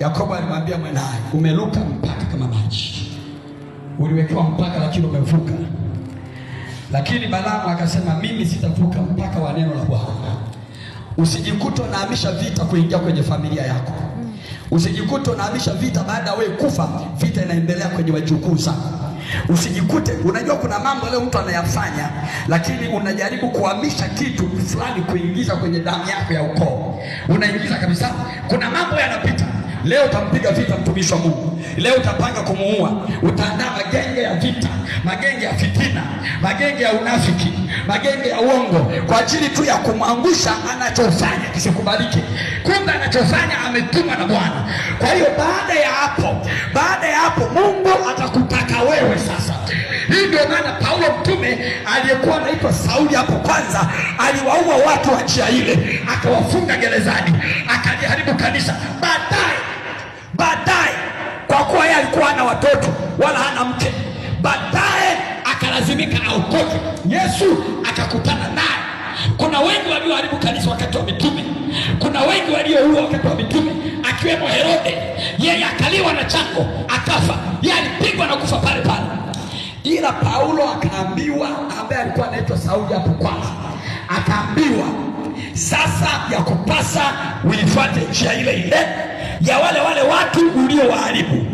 Yakobo alimwambia mwanaye, umeruka mpaka kama maji, uliwekewa mpaka lakini umevuka. Lakini Balaamu akasema, mimi sitavuka mpaka wa neno la Bwana. Usijikute unaamisha vita kuingia kwenye familia yako, usijikute unaamisha vita baada ya wewe kufa, vita inaendelea kwenye wajukuu zako. Usijikute unajua, kuna mambo leo mtu anayafanya, lakini unajaribu kuhamisha kitu fulani kuingiza kwenye damu yako ya ukoo, unaingiza kabisa. Kuna mambo yanapita Leo utampiga vita mtumishi wa Mungu, leo utapanga kumuua, utaandaa magenge ya vita, magenge ya fitina, magenge ya unafiki, magenge ya uongo kwa ajili tu ya kumwangusha anachofanya kisikubalike. Kumbe anachofanya ametumwa na Bwana. Kwa hiyo baada ya hapo, baada ya hapo Mungu atakutaka wewe sasa. Hii ndio maana Paulo mtume aliyekuwa anaitwa Sauli hapo kwanza aliwaua watu wa njia ile, akawafunga gerezani, akaliharibu kanisa baadaye Baadaye kwa kuwa yeye alikuwa hana watoto wala hana mke, baadaye akalazimika aokoke. Yesu akakutana naye. Kuna wengi walioharibu kanisa wakati wa mitume, kuna wengi walioua wakati wa mitume, akiwemo Herode. Yeye akaliwa na chango akafa, yeye alipigwa na kufa pale pale, ila Paulo akaambiwa, ambaye alikuwa anaitwa Sauli hapo kwanza, akaambiwa sasa ya kupasa uifuate njia ile ile ya wale wale watu uliowaharibu.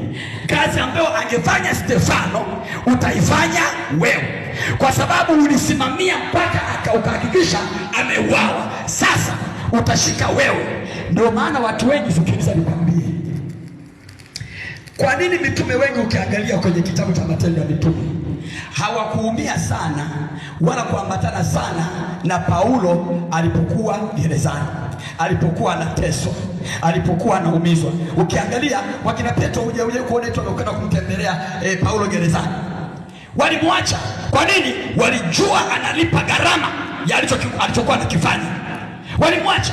Kazi ambayo angefanya Stefano utaifanya wewe, kwa sababu ulisimamia mpaka ukahakikisha ameuawa. Sasa utashika wewe. Ndio maana watu wengi, sikiliza nikwambie, kwa nini mitume wengi, ukiangalia kwenye kitabu cha Matendo ya Mitume hawakuumia sana wala kuambatana sana na Paulo alipokuwa gerezani, alipokuwa anateswa, alipokuwa anaumizwa. Ukiangalia wakina Petro hujauje kuona tu wamekwenda kumtembelea e, Paulo gerezani, walimwacha. Kwa nini? Walijua analipa gharama ya alichokuwa anakifanya, walimwacha.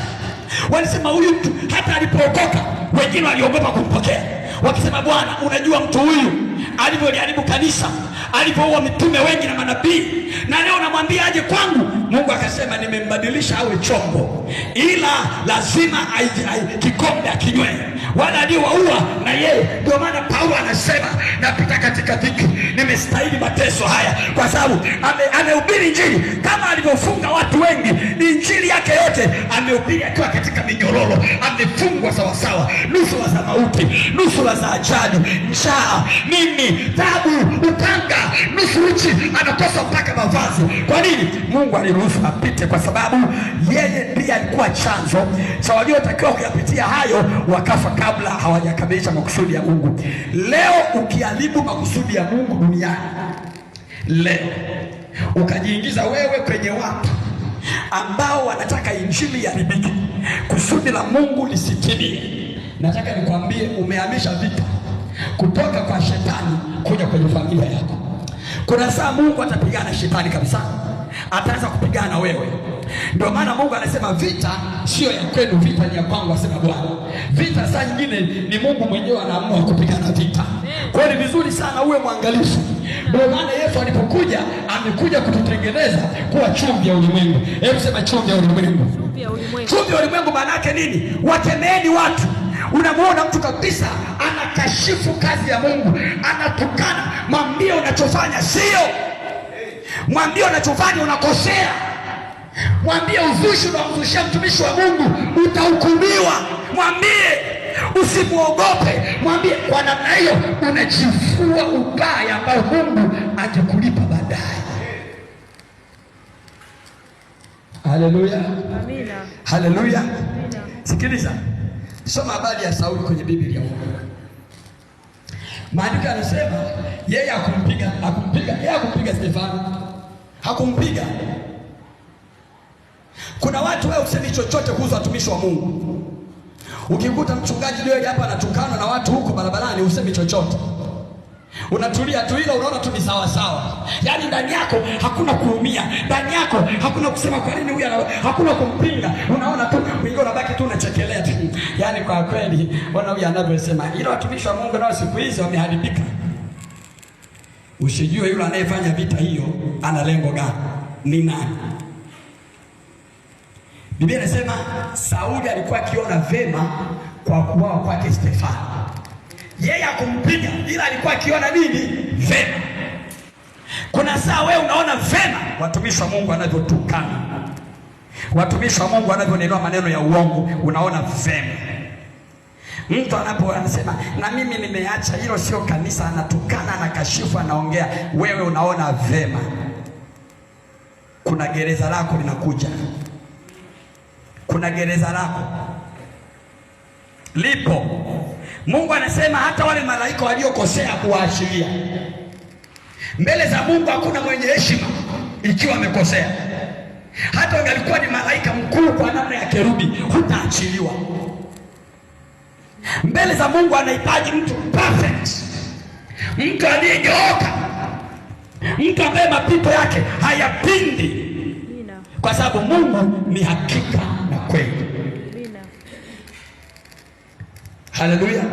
Walisema huyu mtu hata alipookoka, wengine waliogopa kumpokea, wakisema Bwana, unajua mtu huyu alivyoliharibu kanisa, alivyoua mitume wengi na manabii, na leo namwambia aje kwangu Mungu akasema nimembadilisha awe chombo, ila lazima kikombe akinywe, wala waua na yeye. Ndio maana Paulo anasema napita katika dhiki, nimestahili mateso haya, kwa sababu amehubiri Injili kama alivyofunga watu wengi. Injili yake yote amehubiri akiwa katika minyororo, amefungwa sawasawa, nusura za mauti, nusura za ajali, njaa, nini, taabu, upanga kuishi nchi mpaka mavazi. Kwa nini? Mungu aliruhusu apite, kwa sababu yeye ndiye alikuwa chanzo cha waliotakiwa kuyapitia hayo, wakafa kabla hawajakamilisha makusudi ya Mungu. Leo ukiharibu makusudi ya Mungu duniani leo ukajiingiza wewe kwenye watu ambao wanataka injili iharibike, kusudi la Mungu lisitimie, nataka nikwambie, umehamisha vita kutoka kwa shetani kuja kwenye familia yako. Kuna saa Mungu atapigana shetani kabisa, ataanza kupigana wewe. Ndio maana Mungu anasema vita sio ya kwenu, vita ni ya kwangu, asema Bwana. Vita saa nyingine ni Mungu mwenyewe anaamua kupigana vita. Kwa ni vizuri sana uwe mwangalifu. Ndio maana Yesu alipokuja amekuja kututengeneza kuwa chumbi ya ulimwengu. Hebu sema chumbi ya ulimwengu. chumbi ya ulimwengu maana yake nini? watemeeni watu Unamwona mtu kabisa anakashifu kazi ya Mungu, anatukana. Mwambie unachofanya sio, mwambie unachofanya unakosea, mwambie uzushi unamzushia mtumishi wa Mungu utahukumiwa. Mwambie usimwogope, mwambie kwa namna hiyo unajifua ubaya ambayo Mungu atakulipa baadaye. Haleluya, haleluya! Sikiliza. Soma habari ya Sauli kwenye Biblia. Maandiko yanasema yeye akumpiga, akumpiga yeye akumpiga Stefano. Hakumpiga. Kuna watu wewe usemi chochote kuhusu watumishi wa Mungu. Ukikuta mchungaji leo hapa anatukana na watu huko barabarani usemi chochote. Unatulia tu ila unaona tu ni sawa sawa. Yaani ndani yako hakuna kuumia, ndani yako hakuna kusema kwa nini huyu, hakuna kumpinga. Unaona tu kuingia unabaki tu unachekelea tu. Yaani kwa kweli bwana huyu anavyosema, ila watumishi wa Mungu nao siku hizi wameharibika. Usijue yule anayefanya vita hiyo ana lengo gani, ni nani? Biblia inasema Sauli alikuwa akiona vema kwa kuuawa kwake Stefano, yeye akumpiga, ila alikuwa akiona nini? Vema. Kuna saa wewe unaona vema watumishi wa Mungu anavyotukana watumishi wa Mungu wanavyonenea maneno ya uongo, unaona vema mtu anapo anasema na mimi nimeacha hilo, sio kanisa, anatukana na kashifu, anaongea, wewe unaona vema. Kuna gereza lako linakuja, kuna gereza lako lipo. Mungu anasema hata wale malaika waliokosea kuwaashiria mbele za Mungu, hakuna mwenye heshima ikiwa amekosea. Hata ungalikuwa ni malaika mkuu kwa namna ya kerubi, hutaachiliwa mbele za Mungu. Anahitaji mtu perfect, mtu aliyegeuka, mtu ambaye mapito yake hayapindi, kwa sababu Mungu ni hakika na kweli. Haleluya.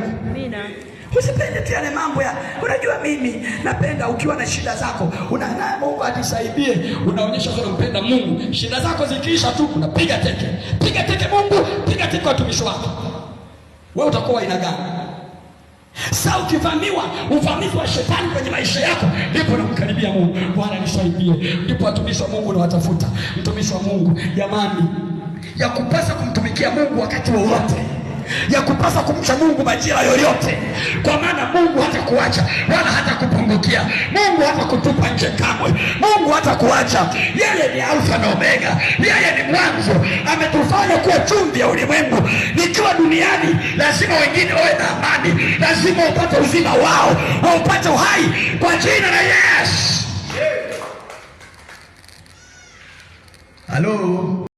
Usipende tu yale mambo ya unajua, mimi napenda. Ukiwa na shida zako unaana Mungu atisaidie, unaonyesha unampenda Mungu. Shida zako zikiisha tu unapiga teke, piga teke Mungu, piga teke watumishi wako. Wewe utakuwa aina gani? Sasa ukivamiwa uvamizi wa shetani kwenye maisha yako, ndipo namkaribia Mungu, Bwana nisaidie. Ndipo watumishi wa Mungu watafuta Mtumishi wa Mungu, jamani, ya kupasa kumtumikia Mungu wakati wowote wa ya kupasa kumcha Mungu majira yoyote, kwa maana Mungu hatakuacha wala hatakupungukia. Mungu hata kutupa nje kamwe. Mungu hatakuacha. Yeye ni Alfa na Omega, yeye ni mwanzo. Ametufanya kuwa chumvi ya ulimwengu. Nikiwa duniani, lazima wengine wawe na amani, lazima upate uzima wao, waupate uhai kwa jina la Yesu. Halo.